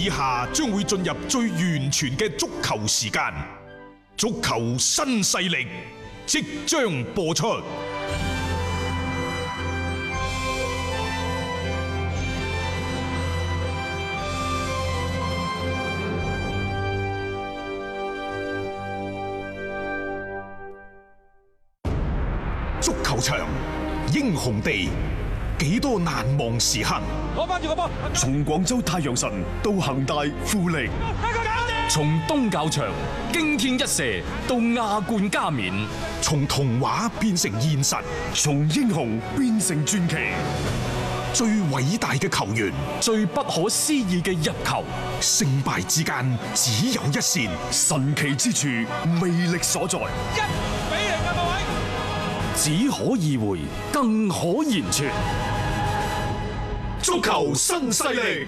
以下將會進入最完全嘅足球時間，足球新勢力即將播出。足球場，英雄地。幾多難忘時刻？攞翻住個波！從廣州太陽神到恆大富力，從東較場驚天一射到亞冠加冕，從童話變成現實，從英雄變成傳奇。最偉大嘅球員，最不可思議嘅入球，勝敗之間只有一線，神奇之處魅力所在。只可意會，更可言傳。足球新勢力。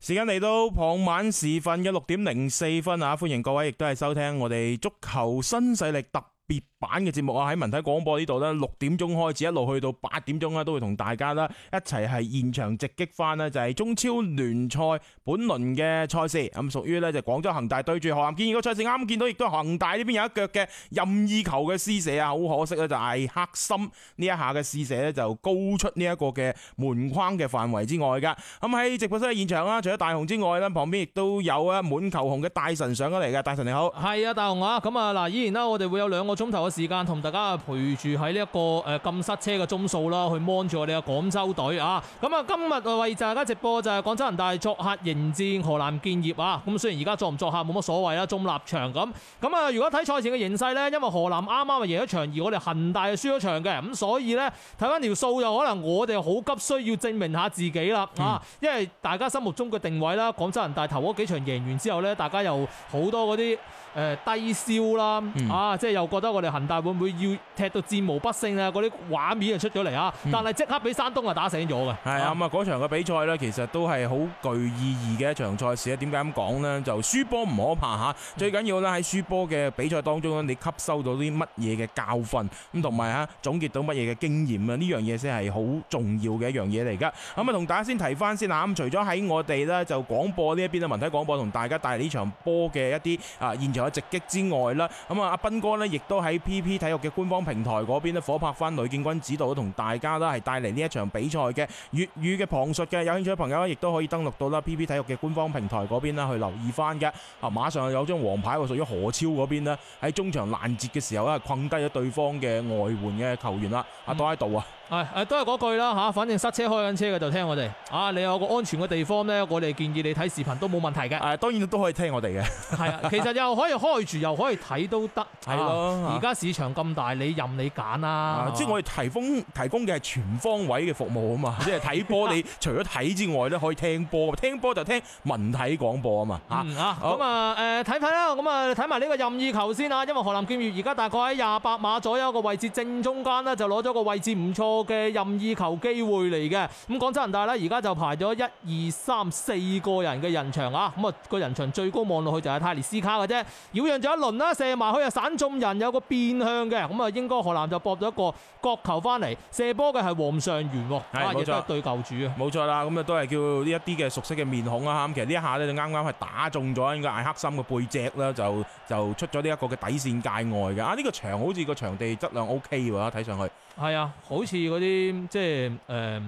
時間嚟到傍晚時分嘅六點零四分啊！歡迎各位，亦都係收聽我哋足球新勢力特別版嘅節目啊，喺文體廣播呢度呢，六點鐘開始，一路去到八點鐘呢，都會同大家呢一齊喺現場直擊翻呢就係、是、中超聯賽本輪嘅賽事，咁屬於呢就廣州恒大對住河南建業個賽事，啱見到亦都恒大呢邊有一腳嘅任意球嘅試射啊，好可惜啦，就係、是、黑心呢一下嘅試射呢，就高出呢一個嘅門框嘅範圍之外噶。咁喺直播室嘅現場啦，除咗大雄之外呢，旁邊亦都有啊滿球紅嘅大神上咗嚟嘅，大神你好，係啊，大雄啊，咁啊嗱，依然咧、啊、我哋會有兩個。鐘頭嘅時間同大家陪住喺呢一個誒咁塞車嘅鐘數啦，去芒住我哋嘅廣州隊啊！咁啊，今日為就大家直播就係廣州恒大作客迎戰河南建業啊！咁雖然而家作唔作客冇乜所謂啦，中立場咁。咁啊，如果睇賽前嘅形勢呢，因為河南啱啱啊贏咗場，而我哋恒大啊輸咗場嘅，咁所以呢，睇翻條數又可能我哋好急需要證明下自己啦啊！嗯、因為大家心目中嘅定位啦，廣州恒大頭嗰幾場贏完之後呢，大家又好多嗰啲。低燒啦，嗯、啊，即係又覺得我哋恒大會唔會要踢到戰無不勝啊？嗰啲畫面就出咗嚟啊！但係即刻俾山東啊打醒咗嘅。係、嗯、啊，咁啊，嗰場嘅比賽呢，其實都係好具意義嘅一場賽事咧。點解咁講呢？就輸波唔可怕嚇，嗯、最緊要呢，喺輸波嘅比賽當中你吸收到啲乜嘢嘅教訓，咁同埋啊總結到乜嘢嘅經驗啊？呢樣嘢先係好重要嘅一樣嘢嚟噶。咁啊，同大家先提翻先嚇。咁除咗喺我哋呢，就廣播呢一邊嘅文體廣播同大家帶嚟呢場波嘅一啲啊現場。直擊之外啦，咁啊，阿斌哥呢亦都喺 PP 體育嘅官方平台嗰邊火拍翻李建軍指導同大家呢係帶嚟呢一場比賽嘅粵語嘅旁述嘅。有興趣嘅朋友呢，亦都可以登錄到啦 PP 體育嘅官方平台嗰邊呢去留意翻嘅。啊，馬上有張黃牌喎，屬於何超嗰邊呢，喺中場攔截嘅時候呢，困低咗對方嘅外援嘅球員啦，阿多喺度啊！誒，都係嗰句啦吓，反正塞車開緊車嘅就聽我哋。啊，你有個安全嘅地方咧，我哋建議你睇視頻都冇問題嘅。誒，當然都可以聽我哋嘅。係啊，其實又可以開住，又可以睇都得，係咯。而、啊、家市場咁大，你任你揀啦、啊。即係我哋提供提供嘅係全方位嘅服務啊嘛，即係睇波，你除咗睇之外咧，可以聽波，聽波就聽文體廣播啊嘛。吓咁啊誒睇睇啦，咁啊睇埋呢個任意球先啊，因為河南建業而家大概喺廿八碼左右個位置正中間呢，就攞咗個位置唔錯。嘅任意球機會嚟嘅，咁廣州恒大咧而家就排咗一二三四個人嘅人牆啊，咁啊個人牆最高望落去就係泰利斯卡嘅啫，擾攘咗一輪啦，射埋去啊散中人，有個變向嘅，咁啊應該河南就搏咗一個角球翻嚟，射波嘅係王上源。係冇錯對舊主啊，冇錯啦，咁啊都係叫呢一啲嘅熟悉嘅面孔啊，咁其實呢一下呢，就啱啱係打中咗呢個艾克森嘅背脊啦，就就出咗呢一個嘅底線界外嘅，啊、這、呢個場好似個場地質量 OK 喎，睇上去。係啊，好似嗰啲即係誒。呃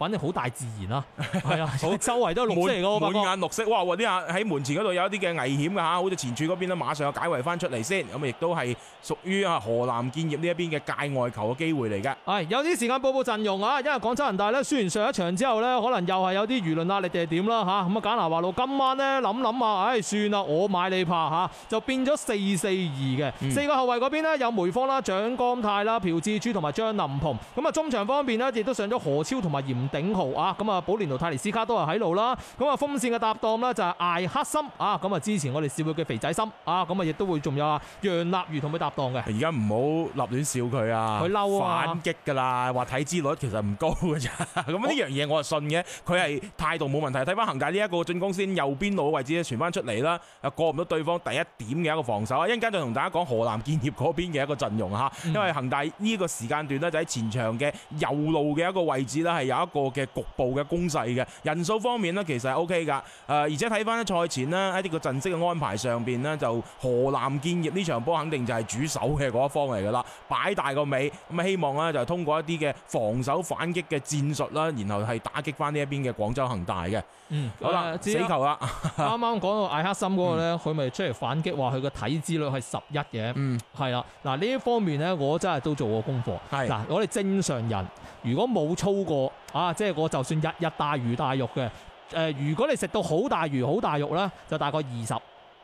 反正好大自然啦，係啊，好 周圍都綠色嚟噶喎。滿眼綠色，哇！啲啊喺門前嗰度有一啲嘅危險嘅嚇，好似前柱嗰邊咧，馬上又解圍翻出嚟先。咁亦都係屬於啊河南建業呢一邊嘅界外球嘅機會嚟嘅。係有啲時間報報陣容啊，因為廣州人大呢，輸完上一場之後呢，可能又係有啲輿論壓力定係點啦嚇。咁啊，簡拿華路今晚呢，諗諗啊，唉、哎，算啦，我買你拍嚇，就變咗四四二嘅。四個後衞嗰邊咧有梅方啦、蔣光泰啦、朴志洙同埋張林鵬。咁啊，中場方面呢，亦都上咗何超同埋嚴。頂豪啊，咁啊保蓮奴、泰尼斯卡都係喺度啦。咁啊風扇嘅搭檔呢，就係艾克森啊，咁啊之前我哋笑佢嘅肥仔森啊，咁啊亦都會仲有啊楊立瑜同佢搭檔嘅。而家唔好立亂笑佢啊，佢嬲，啊，反擊噶啦，話體脂率其實唔高噶咋。咁、哦、呢樣嘢我係信嘅，佢係態度冇問題。睇翻恒大呢一個進攻先，右邊路嘅位置咧傳翻出嚟啦，又過唔到對方第一點嘅一個防守啊。一陣間就同大家講河南建業嗰邊嘅一個陣容吓、嗯，因為恒大呢個時間段呢，就喺前場嘅右路嘅一個位置呢，係有一個。個嘅局部嘅攻勢嘅人數方面呢，其實係 O K 噶，誒，而且睇翻咧賽前呢，喺呢個陣式嘅安排上邊呢，就河南建業呢場波肯定就係主守嘅嗰一方嚟噶啦，擺大個尾咁啊，希望呢，就通過一啲嘅防守反擊嘅戰術啦，然後係打擊翻呢一邊嘅廣州恒大嘅。嗯，好啦，死球啦，啱啱講到艾克森嗰個呢，佢、嗯、咪出嚟反擊，話佢個體脂率係十一嘅。嗯，係啦，嗱呢一方面呢，我真係都做過功課。嗱，我哋正常人如果冇操過。啊，即係我就算日日大魚大肉嘅，誒、呃、如果你食到好大魚好大肉咧，就大概二十。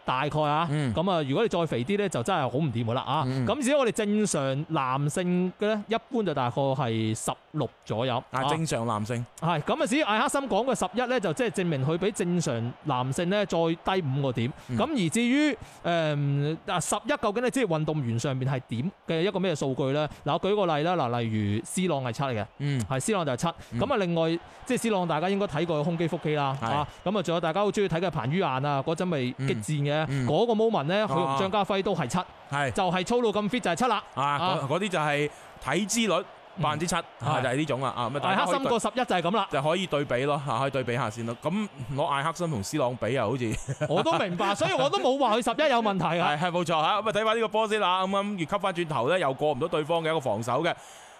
大概啊，咁、嗯、啊，如果你再肥啲咧，就真係好唔掂嘅啦啊！咁、嗯、至於我哋正常男性嘅咧，一般就大概係十六左右。啊，正常男性。係，咁啊至於艾克森講嘅十一咧，就即係證明佢比正常男性咧再低五個點，咁、嗯、而至於誒十一究竟咧，即係運動員上面係點嘅一個咩數據咧？嗱，我舉個例啦，嗱，例如 C 朗係七嚟嘅，嗯，係 C 朗就係七。咁啊，另外即係 C 朗，大家應該睇過胸肌腹肌啦，吓，咁啊，仲有大家好中意睇嘅彭于晏啊，嗰陣咪激戰嘅。嗰、嗯那個 moment 呢，佢同張家輝都係七，係就係粗魯咁 fit 就係七啦。啊，嗰啲就係體脂率百分之七，就係呢種啦。啊，艾、嗯就是、黑心過十一就係咁啦，就可以對比咯，吓可以對比下先咯。咁攞艾克森同斯朗比啊，好似我都明白， 所以我都冇話佢十一有問題啊。係係冇錯吓，咁啊睇翻呢個波先啦。咁咁越級翻轉頭咧，又過唔到對方嘅一個防守嘅，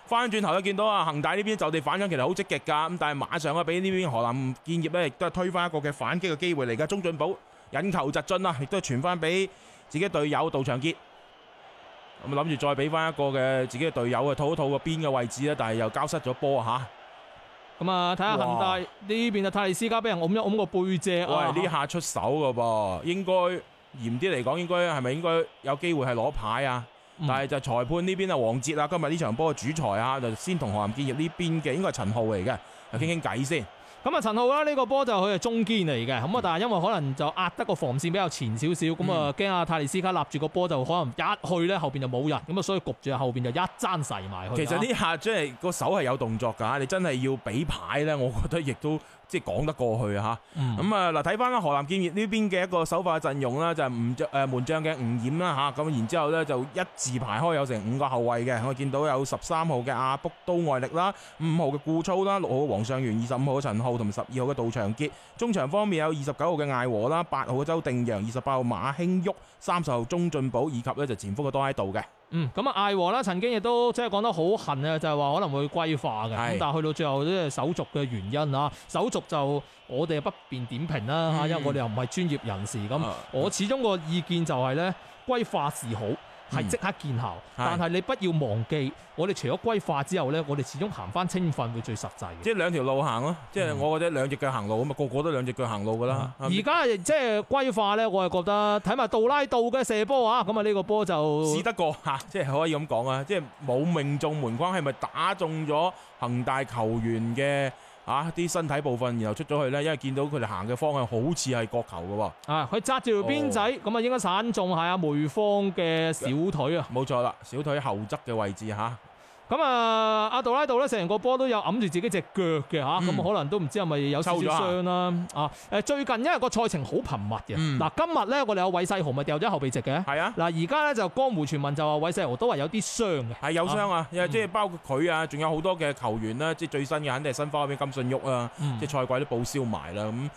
翻轉頭又見到啊恒大呢邊就地反搶，其實好積極噶。咁但係馬上啊俾呢邊河南建業咧，亦都係推翻一個嘅反擊嘅機會嚟噶。中進寶。引球疾進啦，亦都係傳翻俾自己隊友杜長杰，咁諗住再俾翻一個嘅自己嘅隊友啊，套一套個邊嘅位置啦，但係又交失咗波吓，咁啊睇下恒大呢邊啊，泰利斯加俾人㧬一㧬個背脊，喂呢下出手噶噃，應該嚴啲嚟講，應該係咪應該有機會係攞牌啊？嗯、但係就是裁判呢邊啊，王哲啊，今日呢場波嘅主裁啊，就先同河南建業呢邊嘅，應該係陳浩嚟嘅，又傾傾偈先。咁啊，陳浩啦，呢個波就佢係中堅嚟嘅，咁啊，但係因為可能就壓得個防線比較前少少，咁、嗯、啊，驚阿泰利斯卡立住個波就可能一去咧，後邊就冇人，咁啊，所以焗住後邊就一爭細埋去。其實呢下真係、嗰個手係有動作㗎，你真係要俾牌咧，我覺得亦都，即係講得過去吓，咁啊嗱，睇翻啦，河南建業呢邊嘅一個首發陣容啦，就係吳將門將嘅吳龑啦吓，咁然之後咧就一字排開有成五個後衛嘅，我見到有十三號嘅阿卜都外力啦，五號嘅顧操啦，六號黃上元，二十五號陳浩同埋十二號嘅杜長傑，中場方面有二十九號嘅艾和啦，八號嘅周定洋，二十八號的馬興旭，三十號鍾晉寶，以及呢就前鋒嘅多拉多嘅。嗯，咁啊，艾和啦，曾經亦都即係講得好恨啊，就係話可能會歸化嘅，但係去到最後都係手續嘅原因啊，手續就我哋不便點評啦吓，因為我哋又唔係專業人士咁，我始終個意見就係咧，歸化是好。係即刻見效，嗯、但係你不要忘記，我哋除咗歸化之後咧，我哋始終行翻青訓會最實際嘅。即係兩條路行咯、嗯，即係我覺得兩隻腳行路，咁啊個個都兩隻腳行路噶啦。而、嗯、家即係歸化咧，我係覺得睇埋杜拉度嘅射波啊，咁啊呢個波就試得過吓，即係可以咁講啊，即係冇命中門框，係咪打中咗恒大球員嘅？啊！啲身體部分然後出咗去咧，因為見到佢哋行嘅方向好似係角球嘅喎。啊！佢扎住條辮仔，咁、哦、啊應該散中下梅方嘅小腿啊！冇錯啦，小腿後側嘅位置嚇。啊。咁啊，阿杜拉道咧成個波都有揞住自己隻腳嘅吓。咁、嗯、可能都唔知係咪有受傷啦。啊，誒最近因為個賽程好頻密嘅，嗱、嗯啊、今日咧我哋有韋世豪咪掉咗後備席嘅。係啊，嗱而家咧就江湖傳聞就話韋世豪都係有啲傷嘅。係有傷啊，因、啊、為、嗯、即係包括佢啊，仲有好多嘅球員啦，即係最新嘅肯定係申花嗰邊，金信煜啊，即係賽季都報銷埋啦。咁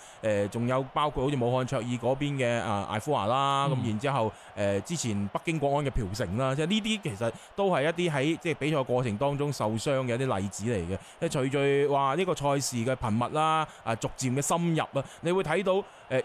誒仲有包括好似武漢卓爾嗰邊嘅啊艾富華啦，咁、嗯啊、然之後誒之前北京國安嘅朴成啦、啊，即係呢啲其實都係一啲喺即係比賽。過過程當中受傷嘅一啲例子嚟嘅，即係隨住話呢個賽事嘅頻密啦，啊，逐漸嘅深入啊，你會睇到。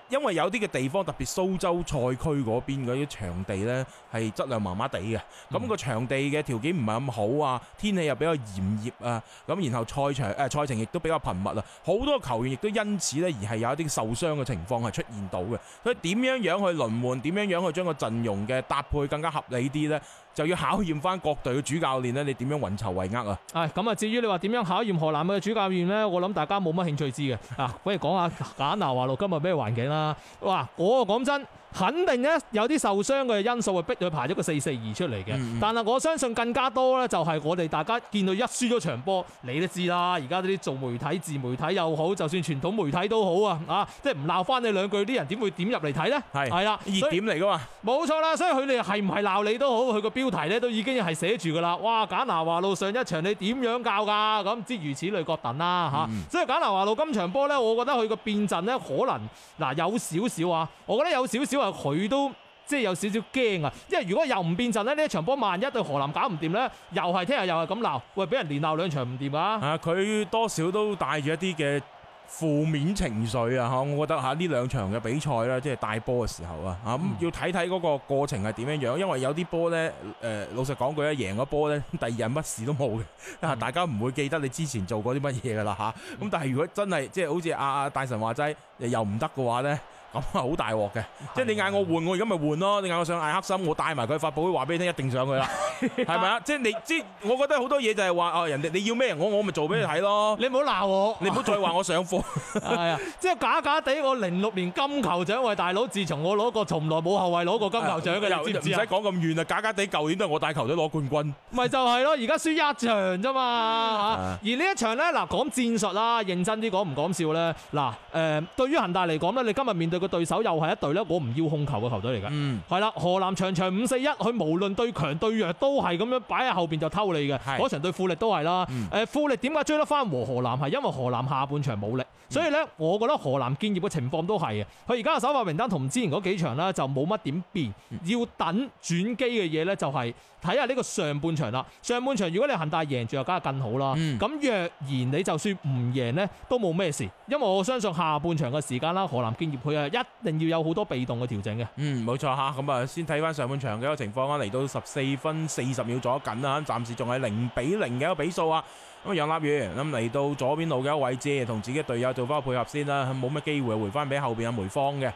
因為有啲嘅地方特別蘇州賽區嗰邊嗰啲場地呢，係質量麻麻地嘅。咁、那個場地嘅條件唔係咁好啊，天氣又比較炎熱啊。咁然後賽場誒賽程亦都比較頻密啊，好多球員亦都因此呢，而係有一啲受傷嘅情況係出現到嘅。所以點樣樣去輪換，點樣樣去將個陣容嘅搭配更加合理啲呢？就要考驗翻各隊嘅主教練呢，你點樣運籌帷幄啊？誒、哎，咁啊，至於你話點樣考驗河南嘅主教練呢？我諗大家冇乜興趣知嘅。啊，不如講下簡拿華路今日咩話？啦，哇！ 我講真。肯定咧有啲受傷嘅因素啊，逼佢排咗個四四二出嚟嘅。但係我相信更加多咧，就係我哋大家見到一輸咗場波，你都知啦。而家啲做媒體、自媒體又好，就算傳統媒體都好啊，啊，即係唔鬧翻你兩句，啲人點會點入嚟睇咧？係係啦，熱點嚟噶嘛，冇錯啦。所以佢哋係唔係鬧你都好，佢個標題咧都已經係寫住噶啦。哇！簡拿華路上一場你點樣教㗎？咁諸如此類各等啦嚇。啊、嗯嗯所以簡拿華路今場波咧，我覺得佢個變陣咧可能嗱、啊、有少少啊，我覺得有少少。佢都即係有少少驚啊，因為如果又唔變陣呢，呢一場波萬一對河南搞唔掂呢，又係聽日又係咁鬧，喂，俾人連鬧兩場唔掂噶。啊，佢多少都帶住一啲嘅負面情緒啊，吓，我覺得吓呢兩場嘅比賽咧，即係帶波嘅時候啊，啊，咁要睇睇嗰個過程係點樣樣，因為有啲波呢，誒，老實講句咧，贏波呢，第二日乜事都冇嘅，大家唔會記得你之前做過啲乜嘢噶啦吓，咁但係如果真係即係好似阿阿大神話齋，又唔得嘅話呢。咁 啊，好大鑊嘅，即係你嗌我換，啊、我而家咪換咯。你嗌我上艾克森，我帶埋佢發佈會話俾你聽，一定上去啦，係咪啊是？ 即係你，即我覺得好多嘢就係話哦，人哋你要咩，我我咪做俾你睇咯。你唔好鬧我，你唔好再話我上課。係 啊，啊 即係假假地，我零六年金球獎位大佬，自從我攞過，從來冇後衞攞過金球獎嘅、哎，你知唔知？唔使講咁遠啦，假假地，舊年都係我帶球隊攞冠軍，咪 就係咯。而家輸一場啫嘛嚇，啊、而呢一場咧嗱，講戰術啦，認真啲講唔講笑咧嗱誒？對於恒大嚟講咧，你今日面對，個對手又係一隊咧，我唔要控球嘅球隊嚟㗎，係啦。河南場場五四一，佢無論對強對弱都係咁樣擺喺後邊就偷你嘅，嗰場對富力都係啦。誒、嗯，富力點解追得返和河南？係因為河南下半場冇力，所以咧，我覺得河南建業嘅情況都係嘅。佢而家嘅首發名單同之前嗰幾場咧就冇乜點變，要等轉機嘅嘢咧就係、是。睇下呢個上半場啦，上半場如果你恒大贏住，就梗係更好啦。咁、嗯、若然你就算唔贏呢，都冇咩事，因為我相信下半場嘅時間啦，河南建業佢啊一定要有好多被動嘅調整嘅。嗯，冇錯吓，咁啊，先睇翻上半場嘅一個情況啊。嚟到十四分四十秒左近啊，暫時仲係零比零嘅一個比數啊。咁啊，楊立宇咁嚟到左邊路嘅一個位置，同自己隊友做翻個配合先啦。冇乜機會回翻俾後邊阿梅方嘅。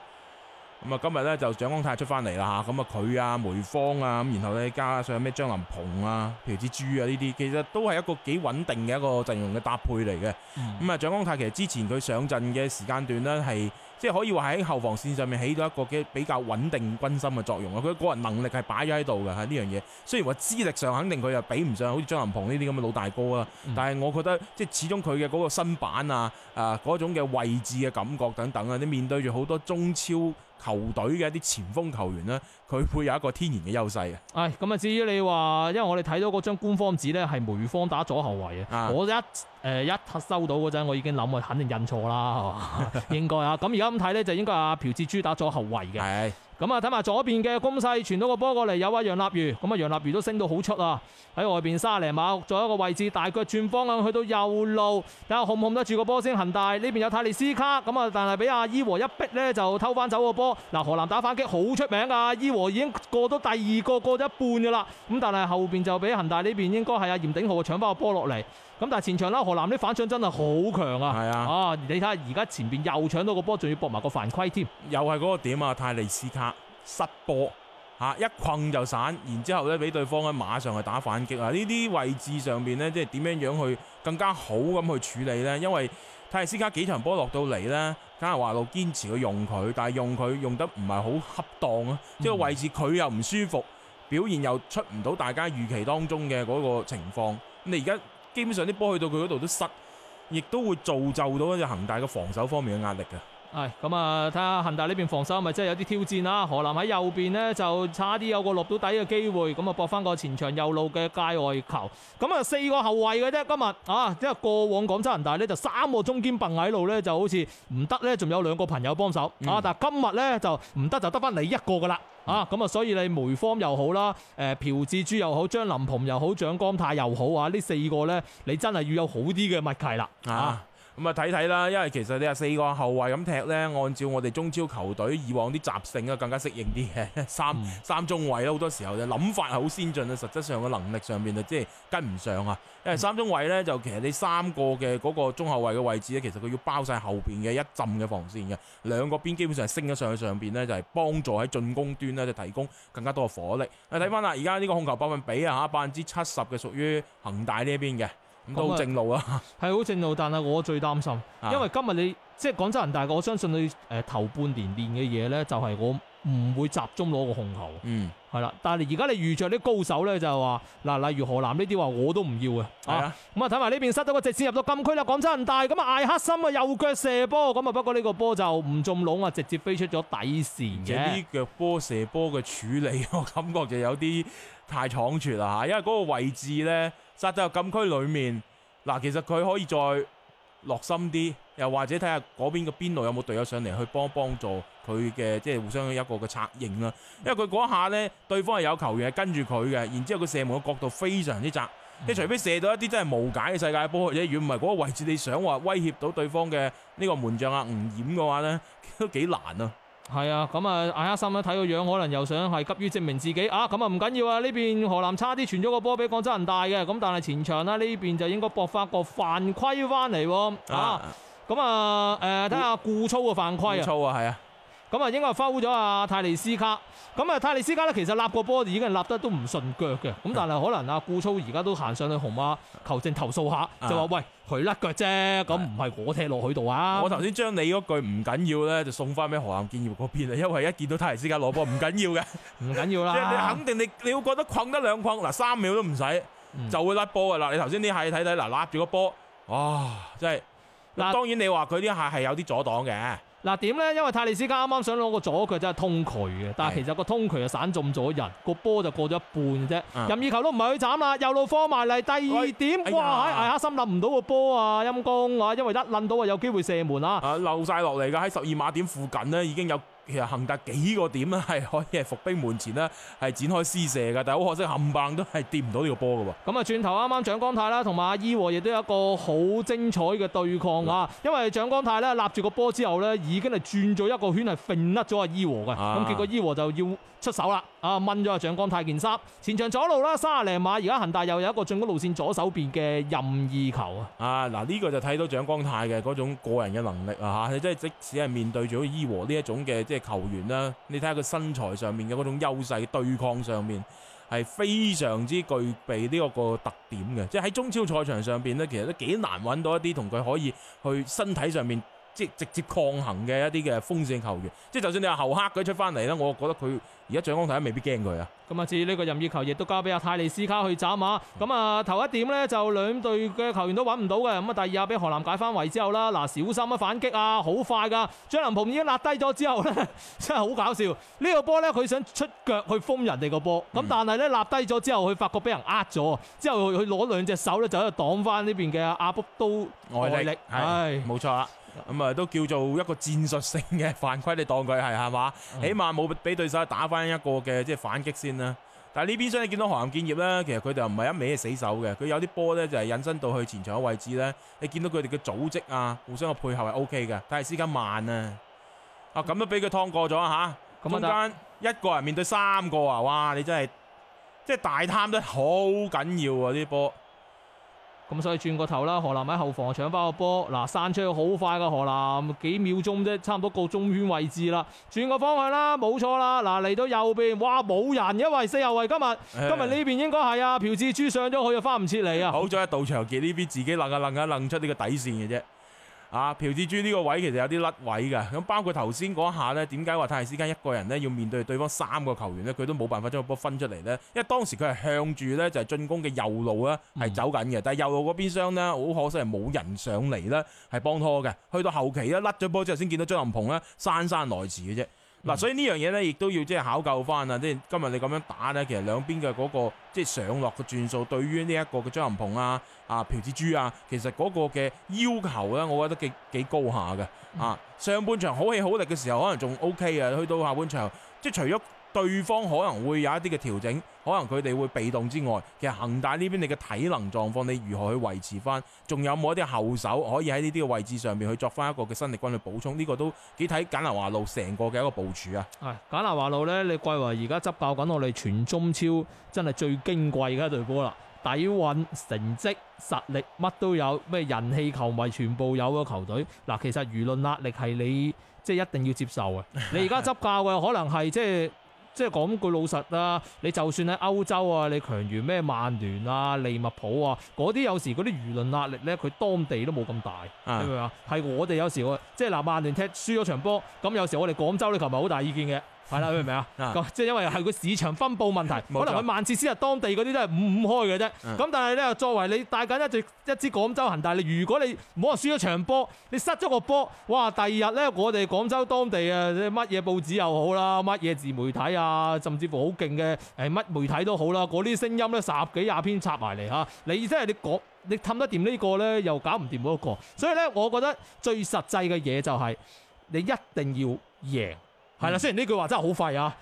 咁啊，今日咧就蔣光太出翻嚟啦吓，咁啊佢啊梅方啊，咁然後咧加上咩張琳芃啊、朴志洙啊呢啲，其實都係一個幾穩定嘅一個陣容嘅搭配嚟嘅。咁啊，蔣光太其實之前佢上陣嘅時間段呢，係即係可以話喺後防線上面起到一個嘅比較穩定軍心嘅作用啊。佢個人能力係擺咗喺度嘅吓，呢樣嘢。雖然話資歷上肯定佢又比唔上好似張琳芃呢啲咁嘅老大哥啦，但係我覺得即係始終佢嘅嗰個身板啊、嗰種嘅位置嘅感覺等等啊，你面對住好多中超。球隊嘅一啲前鋒球員呢，佢配有一個天然嘅優勢啊！唉、哎，咁啊，至於你話，因為我哋睇到嗰張官方紙呢係梅方打左後衛嘅。啊、我一誒、呃、一收到嗰陣，我已經諗我肯定印錯啦，啊、應該啊。咁而家咁睇呢，就應該阿朴志洙打左後衛嘅。咁啊，睇埋左邊嘅攻勢，傳到個波過嚟，有啊楊立瑜。咁啊楊立瑜都升到好出啊，喺外邊三零碼再一個位置大腳轉方向去到右路，睇下控唔控得住個波先。恒大呢邊有泰利斯卡，咁啊，但係俾阿伊和一逼呢，就偷翻走個波。嗱，河南打反擊好出名噶，伊和已經過到第二個過咗一半噶啦，咁但係後邊就俾恒大呢邊應該係阿嚴鼎浩搶翻個波落嚟。咁但係前場啦，河南啲反搶真係好強啊！係啊，啊你睇下而家前邊又搶到，搶到又個波，仲要博埋個犯規添，又係嗰個點啊！泰利斯卡失波一困就散，然之後咧俾對方喺馬上去打反擊啊！呢啲位置上面呢，即係點樣樣去更加好咁去處理呢？因為泰利斯卡幾場波落到嚟呢，梗係華路堅持去用佢，但係用佢用得唔係好恰當啊！嗯、即係位置佢又唔舒服，表現又出唔到大家預期當中嘅嗰個情況。你而家？基本上啲波去到佢嗰度都塞，亦都會造就到就恒大嘅防守方面嘅壓力嘅。係咁啊！睇下恒大呢邊防守咪真係有啲挑戰啦。河南喺右邊呢，就差啲有個落到底嘅機會，咁啊搏翻個前場右路嘅界外球。咁啊四個後衛嘅啫，今日啊，即係過往廣州恒大呢，就三個中堅笨喺路呢，就好似唔得呢，仲有兩個朋友幫手啊。嗯、但係今日呢，就唔得，就得翻你一個噶啦啊。咁啊，所以你梅方又好啦，誒朴志洙又好，張林鵬又好，蔣光太又好啊，呢四個呢，你真係要有好啲嘅默契啦啊，啊！咁啊睇睇啦，因為其實你話四個後衛咁踢呢，按照我哋中超球隊以往啲習性啊，更加適應啲嘅三、嗯、三中衛。好多時候咧諗法係好先進啦，實質上嘅能力上面就即、是、係跟唔上啊，因、嗯、為三中衛呢，就其實你三個嘅嗰個中後衛嘅位置咧，其實佢要包晒後邊嘅一浸嘅防線嘅，兩個邊基本上升咗上去上邊呢就係、是、幫助喺進攻端呢，就提供更加多嘅火力。睇翻啦，而家呢個控球百分比啊吓，百分之七十嘅屬於恒大呢一邊嘅。正路啊，係好正路，但係我最擔心，因為今日你即係廣州人大，我相信你誒、呃、頭半年練嘅嘢咧，就係我唔會集中攞個控球，嗯，係啦。但係而家你遇着啲高手咧，就係話嗱，例如河南呢啲話，我都唔要嘅啊。咁啊，睇埋呢邊塞到個直接入到禁區啦。廣州人大咁啊，艾克森啊，右腳射波，咁啊，不過呢個波就唔中籠啊，直接飛出咗底線嘅。呢腳波射波嘅處理，我感覺就有啲太倉促啦嚇，因為嗰個位置咧。殺到入禁區裏面，嗱，其實佢可以再落心啲，又或者睇下嗰邊嘅邊路有冇隊友上嚟去幫幫助佢嘅，即係互相一個嘅策應啦。因為佢嗰下呢，對方係有球員係跟住佢嘅，然之後佢射門嘅角度非常之窄，嗯，你除非射到一啲真係無解嘅世界波，或者如果唔係嗰個位置，你想話威脅到對方嘅呢個門將啊，吳龑嘅話呢，都幾難啊！係啊，咁啊，艾克森一睇個樣，樣可能又想係急於證明自己啊！咁啊，唔緊要啊，呢邊河南差啲傳咗個波俾廣州人大嘅，咁但係前場啦，呢邊就應該博發個犯規翻嚟喎，啊，咁啊，誒，睇下故粗嘅犯規啊，故粗啊，係啊。咁啊，應該係 f 咗阿泰利斯卡。咁啊，泰利斯卡咧，其實立個波已經係立得都唔順腳嘅。咁但係可能阿顧粗而家都行上去紅馬球證投訴下，啊、就話喂佢甩腳啫，咁唔係我踢落佢度啊！我頭先將你嗰句唔緊要咧，就送翻俾何鴻建議嗰邊啊，因為一見到泰利斯卡攞波唔緊要嘅，唔緊要啦。即 係你肯定你，你會覺得困得兩困嗱三秒都唔使，就會甩波嘅啦。你頭先啲客睇睇嗱，攬住個波，哇！即係。嗱，當然你話佢啲下係有啲阻擋嘅。嗱點咧？因為泰利斯加剛啱啱想攞個左腳佢真係通渠嘅。但係其實個通渠就散中咗人，個波就過咗一半啫。嗯、任意球都唔係佢斬啦，右路放埋嚟。第二點，哎、哇！艾克森冧唔到個波啊，陰公啊！因為一冧到啊，有機會射門啊。啊，漏曬落嚟㗎！喺十二碼點附近呢已經有。其實恒大幾個點咧係可以係伏兵門前呢係展開施射嘅，但係好可惜冚棒都係掂唔到呢個波嘅喎。咁啊，轉頭啱啱蔣光太啦，同埋阿伊和亦都有一個好精彩嘅對抗啊！因為蔣光太咧立住個波之後呢，已經係轉咗一個圈係揈甩咗阿伊和嘅，咁、啊、結果伊和就要出手啦，啊掹咗阿蔣光太件衫。前場左路啦，三十零碼，而家恒大又有一個進攻路線左手邊嘅任意球啊！啊嗱，呢個就睇到蔣光太嘅嗰種個人嘅能力啊吓，你即係即使係面對咗好伊和呢一種嘅即球員啦，你睇下佢身材上面嘅種優勢，對抗上面係非常之具備呢個特點嘅，即係喺中超賽場上邊咧，其實都幾難揾到一啲同佢可以去身體上面。即係直接抗衡嘅一啲嘅鋒線球員，即係就算你話侯克佢出翻嚟啦，我覺得佢而家上攻睇未必驚佢啊。咁啊，至於呢個任意球亦都交俾阿泰利斯卡去斬啊。咁啊，頭一點咧就兩隊嘅球員都揾唔到嘅。咁啊，第二下，俾河南解翻圍之後啦，嗱小心啊，反擊啊，好快噶。張林鵬已經立低咗之後咧，真係好搞笑。這個、球呢個波咧，佢想出腳去封人哋個波，咁、嗯、但係咧立低咗之後，佢發覺俾人呃咗，之後佢攞兩隻手咧就喺度擋翻呢邊嘅阿卜都外力，係冇錯啊。咁啊，都叫做一個戰術性嘅犯規，你當佢係係嘛？嗯、起碼冇俾對手打返一個嘅即係反擊先啦。但係呢邊廂你見到河南建業咧，其實佢哋又唔係一味死守嘅，佢有啲波咧就係引申到去前場嘅位置咧。你見到佢哋嘅組織啊，互相嘅配合係 O K 嘅，但係時間慢啊。過啊，咁都俾佢趟過咗嚇，中間一個人面對三個啊！哇，你真係即係大貪得好緊要啊！啲波。咁所以轉個頭啦，河南喺後防搶翻個波，嗱，散出去好快噶，河南幾秒鐘啫，差唔多個中圈位置啦，轉個方向啦，冇錯啦，嗱嚟到右邊，哇冇人因為四右位，今日今日呢邊應該係啊，朴志洙上咗去又翻唔切嚟啊，好在杜長傑呢邊自己愣下愣下愣出呢個底線嘅啫。啊，朴志洙呢個位其實有啲甩位嘅，咁包括頭先嗰一下呢，點解話泰斯之間一個人呢要面對對方三個球員呢，佢都冇辦法將個波分出嚟呢？因為當時佢係向住呢就係、是、進攻嘅右路咧係走緊嘅、嗯，但係右路嗰邊箱咧好可惜係冇人上嚟咧係幫拖嘅，去到後期呢，甩咗波之後先見到張琳芃呢，姍姍來遲嘅啫。嗱、嗯，所以呢樣嘢咧，亦都要即係考究翻啊！即係今日你咁樣打咧，其實兩邊嘅嗰、那個即係、就是、上落嘅轉數，對於呢一個嘅張琳芃啊、啊朴志洙啊，其實嗰個嘅要求咧，我覺得幾幾高下嘅啊、嗯！上半場好氣好力嘅時候，可能仲 OK 啊，去到下半場即係、就是、除咗。對方可能會有一啲嘅調整，可能佢哋會被動之外，其實恒大呢邊你嘅體能狀況，你如何去維持翻？仲有冇一啲後手可以喺呢啲嘅位置上面去作翻一個嘅新力軍去補充？呢個都幾睇簡拿華路成個嘅一個部署啊！係簡拿華路呢，你貴為而家執教緊我哋全中超，真係最矜貴嘅一隊波啦！底蘊成績實力乜都有，咩人氣球迷全部有嘅球隊。嗱，其實輿論壓力係你即係一定要接受啊。你而家執教嘅可能係即係。 即係講句老實啦，你就算喺歐洲啊，你強如咩曼聯啊、利物浦啊，嗰啲有時嗰啲輿論壓力咧，佢當地都冇咁大。係咪啊？係我哋有時即係嗱，曼聯踢輸咗場波，咁有時我哋廣州咧，其實好大意見嘅。係啦，明唔明啊？即、嗯、係因為係個市場分佈問題，嗯、可能佢萬次先啊、嗯，當地嗰啲都係五五開嘅啫。咁、嗯、但係咧，作為你帶緊一隻一支廣州恒大，你如果你唔好話輸咗場波，你失咗個波，哇！第二日咧，我哋廣州當地啊，乜嘢報紙又好啦，乜嘢自媒體啊，甚至乎好勁嘅誒乜媒體都好啦，嗰啲聲音咧十幾廿篇插埋嚟你意思你思係你講你氹得掂呢、呢個咧，又搞唔掂嗰個。所以咧，我覺得最實際嘅嘢就係你一定要贏。係啦，雖然呢句話真係好廢啊！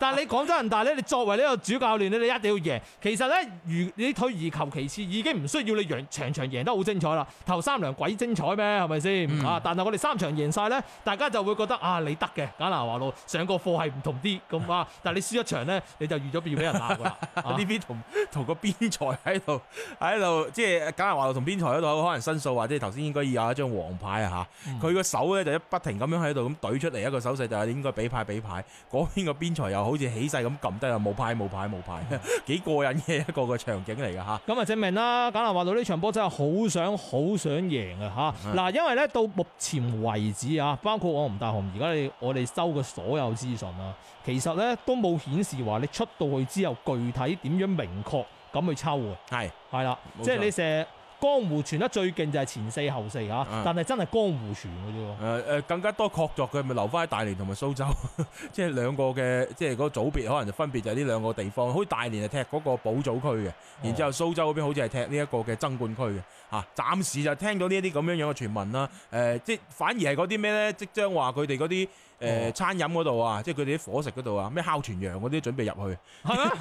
但係 你廣州人大咧，你作為呢個主教練咧，你一定要贏。其實咧，如你退而求其次，已經唔需要你贏，場場贏得好精彩啦。頭三場鬼精彩咩？係咪先？嗯、啊！但係我哋三場贏晒咧，大家就會覺得啊，你得嘅。簡拿華路上個課係唔同啲咁啊！嗯、但係你輸一場咧， 你就預咗要俾人鬧啦。呢、 啊、邊同同個邊裁喺度喺度，即係簡拿華路同邊裁喺度可能申訴話，即係頭先應該要有一張黃牌啊！嚇，佢個手咧就不停咁樣喺度咁懟出嚟一個手勢，就係、是。你應該俾牌俾牌，嗰邊個邊裁又好似起勢咁撳低啊，冇牌冇牌冇牌，幾過癮嘅一個個場景嚟噶吓，咁啊證明啦，簡立話到呢場波真係好想好想贏啊吓，嗱，因為咧到目前為止啊，包括我同大雄而家你我哋收嘅所有資訊啊，其實咧都冇顯示話你出到去之後具體點樣明確咁去抽喎，係係啦，即係你成日。江湖傳得最勁就係前四後四嚇，但係真係江湖傳嘅啫喎。誒更加多確鑿嘅咪留翻喺大連同埋蘇州，即係兩個嘅即係嗰組別，可能就分別就係呢兩個地方。好似大連係踢嗰個保組區嘅，然之後蘇州嗰邊好似係踢呢一個嘅爭冠區嘅嚇、啊。暫時就聽到呢一啲咁樣樣嘅傳聞啦。誒、啊，即反而係嗰啲咩咧，即將話佢哋嗰啲。誒、呃、餐飲嗰度啊， 啊，即係佢哋啲伙食嗰度啊，咩烤全羊嗰啲準備入去，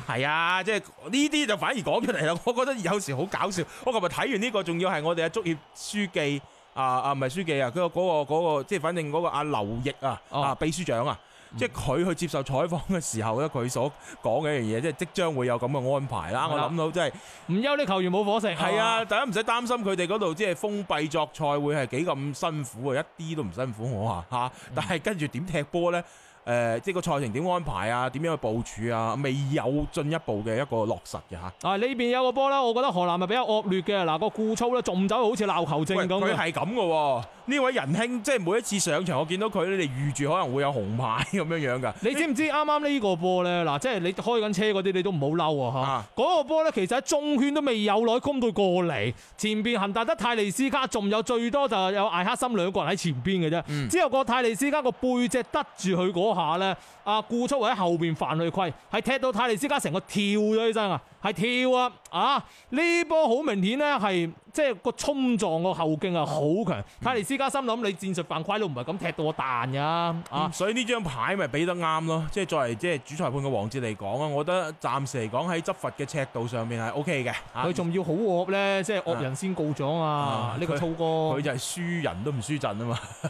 係啊，即係呢啲就反而講出嚟啦。我覺得有時好搞笑。我琴日睇完呢、呢個，仲要係我哋嘅竹葉書記啊啊，唔係書記、嗰個嗰個嗰個、啊，佢嗰個嗰個即係反正嗰個阿劉奕啊啊，秘書長啊。即係佢去接受採訪嘅時候咧，佢、嗯、所講嘅一樣嘢，即係即將會有咁嘅安排啦。我諗到即係唔憂啲球員冇火食，係啊，哦、大家唔使擔心佢哋嗰度即係封閉作賽會係幾咁辛苦啊，一啲都唔辛苦我話嚇，但係跟住點踢波咧？誒、呃，即係個賽程點安排啊？點樣去部署啊？未有進一步嘅一個落實嘅嚇。啊，呢邊有個波呢，我覺得河南係比較惡劣嘅嗱，個故超呢，仲走好似鬧球證咁樣，係咁嘅喎。呢、啊、位仁兄，即係每一次上場我，我見到佢你嚟預住可能會有紅牌咁樣樣噶。你知唔知啱啱呢個波呢？嗱、啊，即、就、係、是、你開緊車嗰啲，你都唔好嬲啊嗰、啊那個波呢，其實喺中圈都未有耐攻到過嚟，前邊恒大德泰利斯卡仲有最多就有艾克森兩個人喺前邊嘅啫。之後那個泰利斯卡、那個背脊得住佢嗰。下咧，阿顧速喺後邊犯犯規，係踢到塔利斯卡成個跳咗起身啊！係跳啊！啊，呢波好明顯咧，係即係個衝撞個後勁啊，好強！卡尼斯加心諗你戰術犯規都唔係咁踢到我彈噶，啊！嗯、所以呢張牌咪俾得啱咯，即、就、係、是、作為即係主裁判嘅王子嚟講啊，我覺得暫時嚟講喺執法嘅尺度上面係 O K 嘅。佢、啊、仲要好惡咧，即係惡人先告狀啊！呢、啊這個操哥，佢就係輸人都唔輸陣啊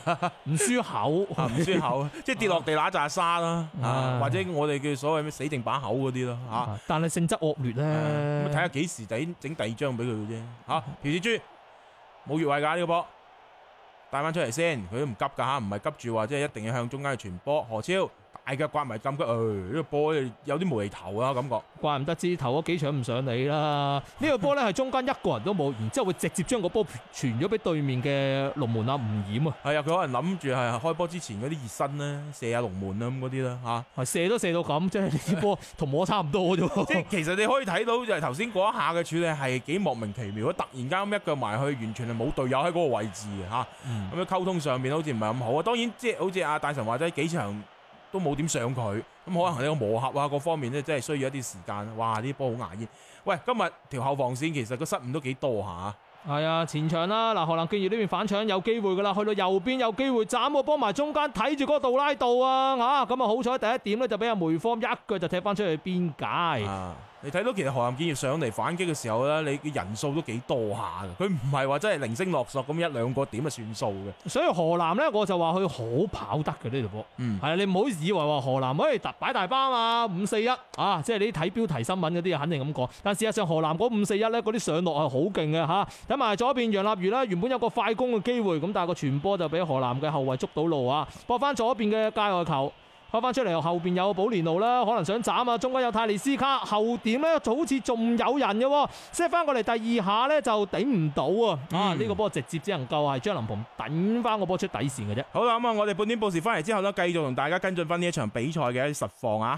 嘛，唔 輸輸口，唔 輸口， 即係跌落地乸就係沙啦、啊啊，或者我哋叫所謂咩死定把口嗰啲咯，吓、啊啊。但係性質惡劣咧。睇下幾時整整第二張俾佢嘅啫，吓，皮子豬冇越位噶呢個波，帶翻出嚟先，佢都唔急噶吓，唔係急住話即係一定要向中間去傳波，何超。大腳掛埋金腳，呢、哎呢個波有啲無厘頭啊！感覺怪唔得知頭嗰幾場唔上你啦。呢、呢個波咧係中間一個人都冇， 然之後會直接將個波傳咗俾對面嘅龍門啊吳染啊。係啊，佢可能諗住係開波之前嗰啲熱身咧，射下龍門啊。咁嗰啲啦嚇。係射都射到咁，即係呢啲波同我差唔多啫。即 係其實你可以睇到就係頭先嗰一下嘅處理係幾莫名其妙，突然間一腳埋去，完全係冇隊友喺嗰個位置嚇。咁、嗯、嘅溝通上面好似唔係咁好啊。當然即係好似阿大神話齋幾場。都冇點上佢，咁可能呢個磨合啊，各方面呢真係需要一啲時間。哇，呢波好牙煙。喂，今日條後防線其實個失誤都幾多下。係啊、哎呀，前場啦、啊，嗱，河南建業呢邊反搶有機會噶啦，去到右邊有機會斬我幫埋中間睇住嗰個杜拉道啊，吓咁啊好彩第一點呢，就俾阿梅芳一腳就踢翻出去邊界。啊你睇到其實河南建業上嚟反擊嘅時候咧，你嘅人數都幾多下嘅，佢唔係話真係零星落索咁一兩個點就算數嘅。所以河南咧，我就話佢好跑得嘅呢條波，嗯，啊，你唔好以為話河南，哎、欸，揼擺大巴啊，五四一啊，即係你睇標題新聞嗰啲啊，肯定咁講。但事實上河南嗰五四一咧，嗰啲上落係好勁嘅嚇。睇、啊、埋左邊楊立瑜啦，原本有個快攻嘅機會，咁但係個傳波就俾河南嘅後衞捉到路啊，博翻左邊嘅界外球。開翻出嚟，後邊有保連奴啦，可能想斬啊。中間有泰利斯卡，後點咧就好似仲有人嘅，即係翻過嚟第二下咧就頂唔到啊！啊，呢、嗯，這個波直接只能夠係張琳芃頂翻個波出底線嘅啫。好啦，咁啊，我哋半點報時翻嚟之後咧，繼續同大家跟進翻呢一場比賽嘅一啲實況啊。